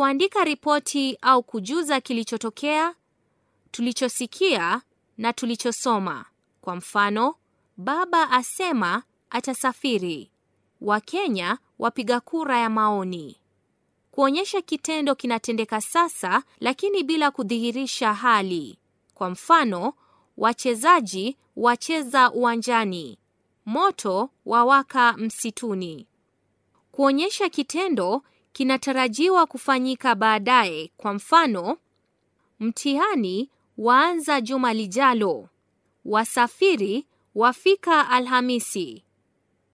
kuandika ripoti au kujuza kilichotokea, tulichosikia na tulichosoma. Kwa mfano, baba asema atasafiri. Wakenya wapiga kura ya maoni. Kuonyesha kitendo kinatendeka sasa lakini bila kudhihirisha hali. Kwa mfano, wachezaji wacheza uwanjani. Moto wawaka msituni. Kuonyesha kitendo kinatarajiwa kufanyika baadaye. Kwa mfano, mtihani waanza juma lijalo, wasafiri wafika Alhamisi.